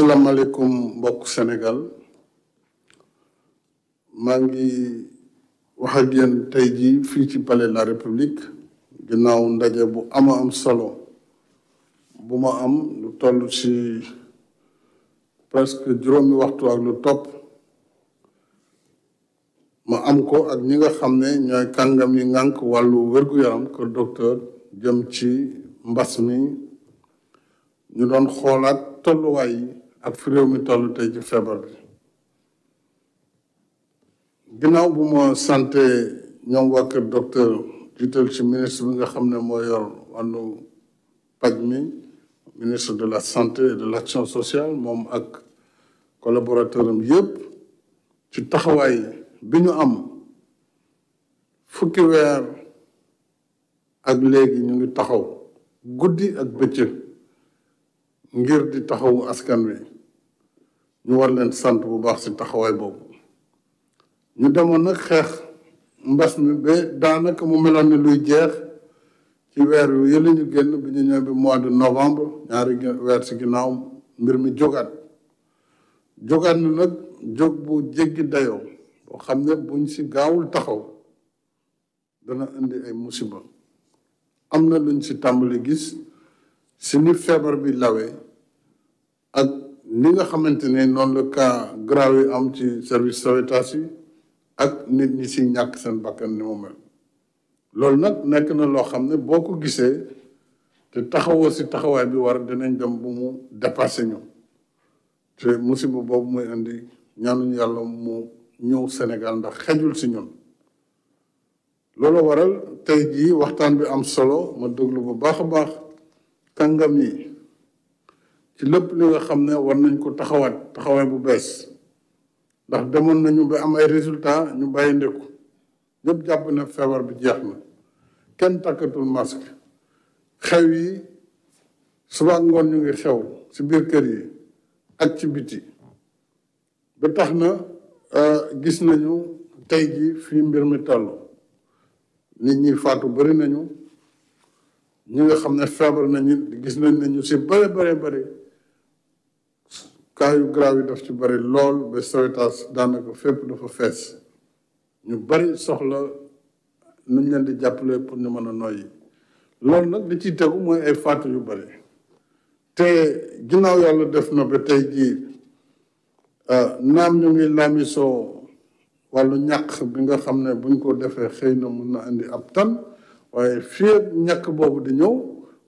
asalaamaaleykum mbokk Sénégal maa ngi wax ak yéen tey jii fii ci palais de la république ginnaaw ndaje bu ama am solo bu ma am lu toll ci presque juróomi waxtu ak lu topp ma am ko ak ñi nga xam ne ñooy kàngam yi ngànk wàllu wér-gu-yaram ko docteur jëm ci mbas mi ñu doon xoolaat tolluwaay yi ak fi réew mi toll tey ci feebar bi ginnaaw bu ma santé ñoom waa kër docteur jiital ci ministre bi nga xam ne moo yor wàllu paj mi ministre de la santé de l'action sociale moom ak collaborateur am yëpp ci taxawaay bi ñu am fukki weer ak léegi ñu ngi taxaw guddi ak bëccëg ngir di taxawu askan wi ñu war leen sant bu baax ci taxawaay boobu ñu demoon nag xeex mbas mi ba daanaka mu meloon ni luy jeex ci weer wi yële ñu génn bi ñu ñëw bi mois de novembre ñaari weer ci ginnaaw mbir mi jógaat jógaat na nag jóg bu jéggi dayoo boo xam ne buñ ci gaawul taxaw dana indi ay musiba am na luñ ci tàmbali gis si ni feebar bi lawe ak ni nga xamante ne noonu la cas grave yi am ci service sauvetage yi ak nit ñi si ñàkk seen bakkan ni mu mel loolu nag nekk na loo xam ne boo ko gisee te taxawoo si taxawaay bi war dinañ dem bu mu dépassé ñu te musiba boobu muy indi ñaanuñu yàlla mu ñëw senegal ndax xejul si ñun loolu waral tey jii waxtaan bi am solo ma déglu bu baax a baax kàngam yi ci lépp li nga xam ne war nañ ko taxawaat taxawaay bu bees ndax demoon nañu ba am ay résultat ñu bàyyi ndeku ñëpp jàpp na feebar bi jeex na kenn takkatul masque xew yi suba ngoon ñu ngi xew si biir kër yi ak ci biti ba tax na euh, gis nañu tey ji fii mbir mi toll nit ñi faatu bari nañu ñu nga xam ne feebar nañu gis nañ ne ñu si bare bare bare cas yu grave yi daf ci bari lool ba Sowétas daanaka fépp dafa fees ñu bari soxla nuñ leen di jàppale pour ñu mën a noyyi loolu nag li ci tegu mooy ay faatu yu bari te ginnaaw yàlla def na ba tey jii ah, naam ñu ngi laamisoo wàllu ñàq bi nga xam ne buñ ko defee xëy na mun na indi ab tan waaye fii ak ñàkk boobu di ñëw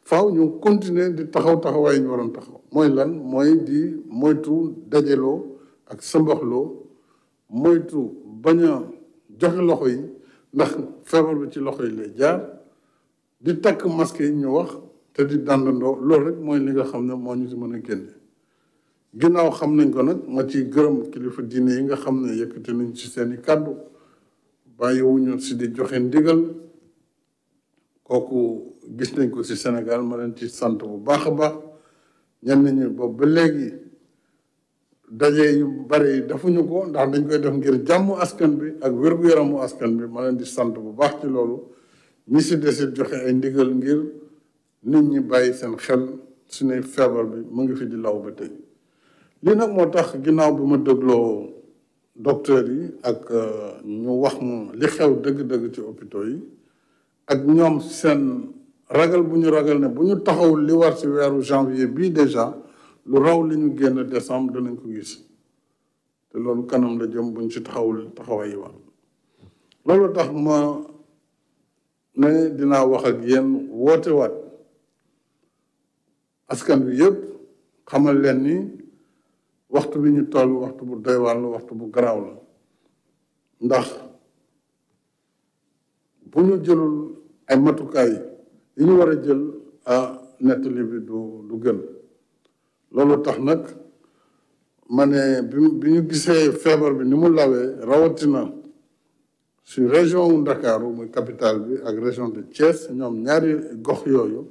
faw ñu continuer di taxaw taxawaay ñu waroon taxaw mooy lan mooy di moytu dajeloo ak sëmbaxloo moytu bañ a joxe loxo yi ndax feebar bi ci loxo yi lay jaar di takk masque yi ñu wax te di dàndandoo loolu rek mooy li nga xam ne moo ñu si mën a génne ginnaaw xam nañ ko nag ma ci gërëm kilifa diine yi nga xam ne yëkkati nañ ci seen i kàddu bàyyiwuñu si di joxe ndigal kooku gis nañ ko ci senegal ma leen ci sant bu baax a baax ñenn ñi boobu ba léegi daje yu bari yi defuñu ko ndax dañ koy def ngir jàmm askan bi ak wér-gu-yaramu askan bi ma leen di sant bu baax ci loolu ñi si desit joxe ay ndigal ngir nit ñi bàyyi seen xel su ne feebar bi mu ngi fi di law ba tey lii nag moo tax ginnaaw bi ma dégloo docteur yi ak euh, ñu wax mu li xew dëgg-dëgg ci hôpitaux yi ak ñoom seen ragal bu ñu ragal ne bu ñu taxawul li war si weeru janvier bii déjà lu raw li ñu génn décembre danañ ko gis te loolu kanam la jëm buñ ci taxawul taxawaay yi wax loolu tax ma ne dinaa wax ak yéen woote waat askan bi yëpp xamal leen ni waxtu bi ñu toll waxtu bu doy waar la waxtu bu garaaw la ndax bu ñu jëlul ay matukaay yi ñu war a jël a nettali bi du du gën loolu tax nag ma ne bi bi ñu gisee feebar bi ni mu lawee rawatina si région wu Ndakaaru muy capitale bi ak région de Thiès ñoom ñaari gox yooyu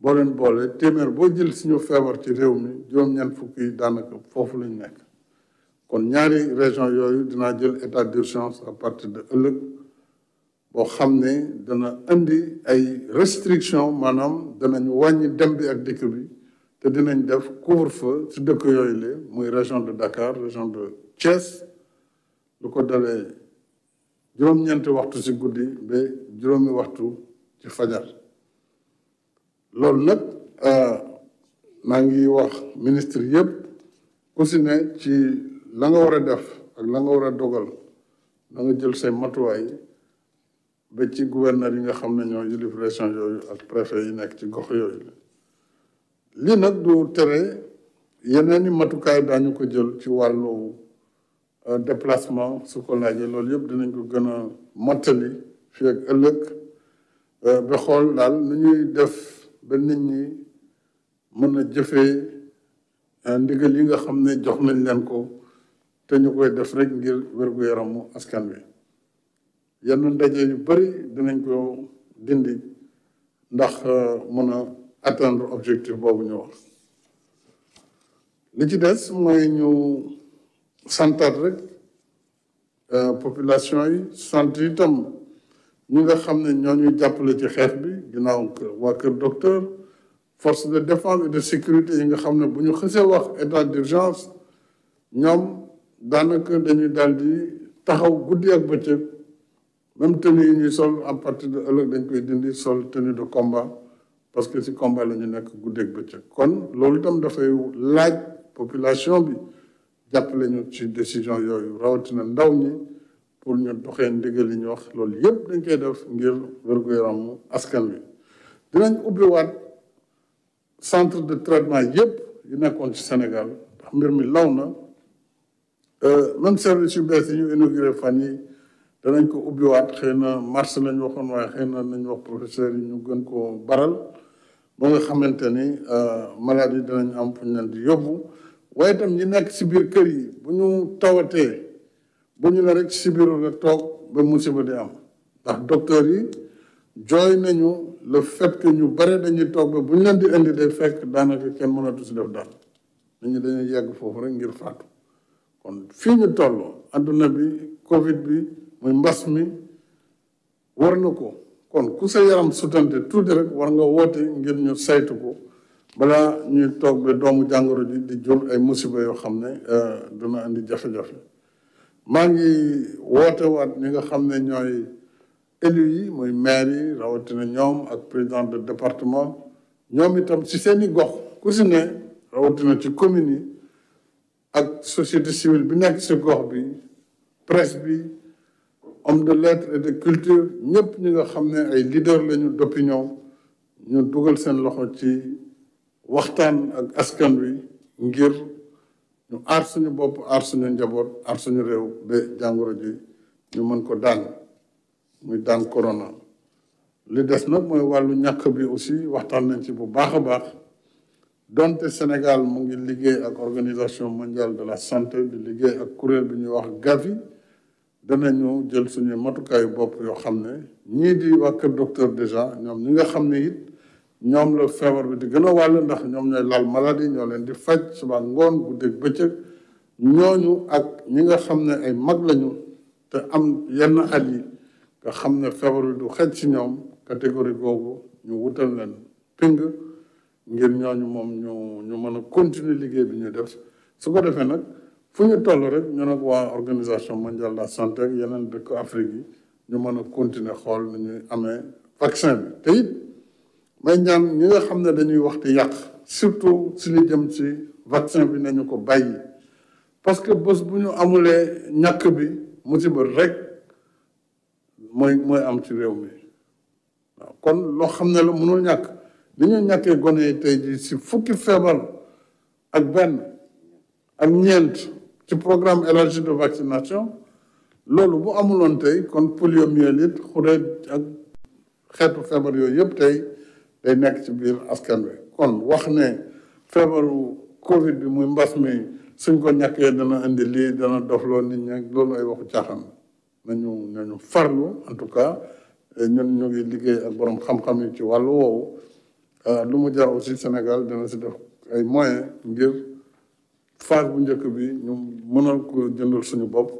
boo leen boole téeméer boo jël si ñu feebar ci réew mi juróom-ñeent fukk yi daanaka foofu lañu nekk kon ñaari région yooyu dinaa jël état d'urgence à partir de ëllëg boo xam ne dana indi ay restriction maanaam danañ wàññi dem bi ak dikk bi te dinañ def couvre-feu si dëkk yooyu le muy région de Dakar région de Thiès lu ko dalee juróom-ñeenti waxtu si guddi ba juróomi waxtu ci fajar loolu nag euh, maa ngi wax ministre yëpp ku ci la nga war a def ak la nga war a dogal na nga jël say matuwaay ba ci gouverneur yi nga xam ne ñoo yilif région yooyu ak préfet yi nekk ci gox yooyu lii nag du tere yeneen i matukaay daañu ko jël ci wàllu euh, déplacement su loolu yëpp dinañ ko gën a mottali fii ak ëllëg euh, ba xool daal nu ñuy def ba nit ñi mën a jëfe euh, ndigal yi nga xam ne jox nañ leen ko te ñu koy def rek ngir wér-gu-yaramu askan wi yenn ndaje yu bëri dinañ ko dindi ndax euh, mën a atteindre objectif boobu ñu wax li ci des mooy ñu santat rek euh, population yi sant itam ñu nga xam ne ñoo ñuy jàppale ci xeex bi ginnaaw waa kër docteur force de défense et de sécurité yi nga xam ne bu ñu xësee wax état d'urgence ñoom daanaka dañuy daal di taxaw guddi ak bëccëg même tenue yi ñuy sol à partir de ëllëg dañ koy dindi sol tenue de combat parce que si combat la ñu nekk guddeeg bëccëg kon loolu itam dafay laaj population bi jàppale ñu ci décision yooyu rawatina ndaw ñi pour ñu doxee ndigal yi ñu wax loolu yëpp dañ koy def ngir wér-gu-yaramu askan wi dinañ ubbiwaat centre de traitement yëpp yu nekkoon ci Sénégal ndax mbir mi law na euh, même service yu bees yi ñu inauguré fan yi danañ ko ubbiwaat xëy na mars lañ waxoon waaye xëy na nañ wax professeur yi ñu gën koo baral ba nga xamante ni euh, malade yi danañ am fu ñu di yóbbu waaye itam ñi nekk si biir kër yi bu ñu tawatee bu ñu la si biir toog ba musiba di am ndax docteur yi jooy nañu le fait ñu bare dañuy toog ba bu ñu leen di indi day fekk daanaka kenn mënatu si def dara nit ñi dañuy yàgg foofu rek ngir faatu kon fii ñu toll adduna bi Covid bi. muy mbas mi war na ko kon ku sa yaram sutante tuuti rek war nga woote ngir ñu saytu ko balaa ñuy toog ba doomu jàngoro ji di jur ay musiba yoo xam ne euh, dina indi jafe-jafe maa ngi woote waat ñi nga xam ne ñooy élus yi muy maire yi rawatina ñoom ak président de département ñoom itam ci seeni gox ku si ne rawatina ci commune yi ak société civile bi nekk si gox bi presse bi homme de lettres et de culture ñëpp ñi nga xam ne ay leader lañu d'opinion ñu dugal seen loxo ci waxtaan ak askan wi ngir ñu aar suñu bopp aar suñu njaboot aar suñu réew ba jàngoro ji ñu mën ko daan muy daan corona li des nag mooy wàllu ñàkk bi aussi waxtaan nañ ci bu baax a baax donte Sénégal mu ngi liggéey ak organisation mondiale de la santé bi liggéey ak kuréel bi ñuy wax Gavi danañu jël suñuy matukaayu bopp yoo xam ne ñii di waa kër docteur déjà ñoom ñi nga xam ne it ñoom la feebar bi di gën a wàll ndax ñoom ñooy laal maladie ñoo leen di faj suba ngoon guddeeg bëccëg ñooñu ak ñi nga xam ne ay mag lañu te am yenn at yi nga xam ne du xej ci ñoom catégorie boobu ñu wutal leen ping ngir ñooñu moom ñu ñu mën a continuer liggéey bi ñu def su ko defee nag fu ñu toll rek ñu nag waa organisation mondial la santé ak yeneen dëkk Afrique yi ñu mën a continuer xool nu ñuy amee vaccin bi te it may ñaan ñi nga xam ne dañuy waxtu yàq surtout si li jëm si vaccin bi nañu ko bàyyi parce que bés bu ñu amulee ñàkk bi musiba rek mooy mooy am ci réew mi waaw kon loo xam ne la mënul ñàkk ni ñàkkee gone yi tey jii si fukki feebar ak benn ak ñeent ci programme élargi de vaccination loolu bu amuloon tey kon poliomyélite xureet ak xeetu feebar yooyu yëpp tey day nekk ci biir askan wi kon wax ne feebaru covid bi muy mbas mi suñ ko ñàkkee dana indi lii dana dofloo nit ñi loolu ay waxu caaxaan nañu nañu farlu en tout cas ñun ñu ngi liggéey ak borom xam-xam yi ci wàllu woowu euh, lu mu jar aussi Sénégal dana si def ay moyens ngir phase bu njëkk bi ñu mënal ko jëndul suñu bopp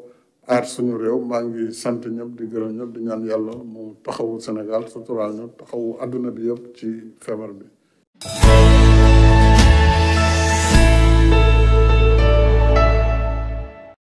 aar suñu réew maa ngi sant ñëpp di gërëm ñëpp di ñaan yàlla mu taxawu Sénégal suturaal ñu taxawu àdduna bi yëpp ci feebar bi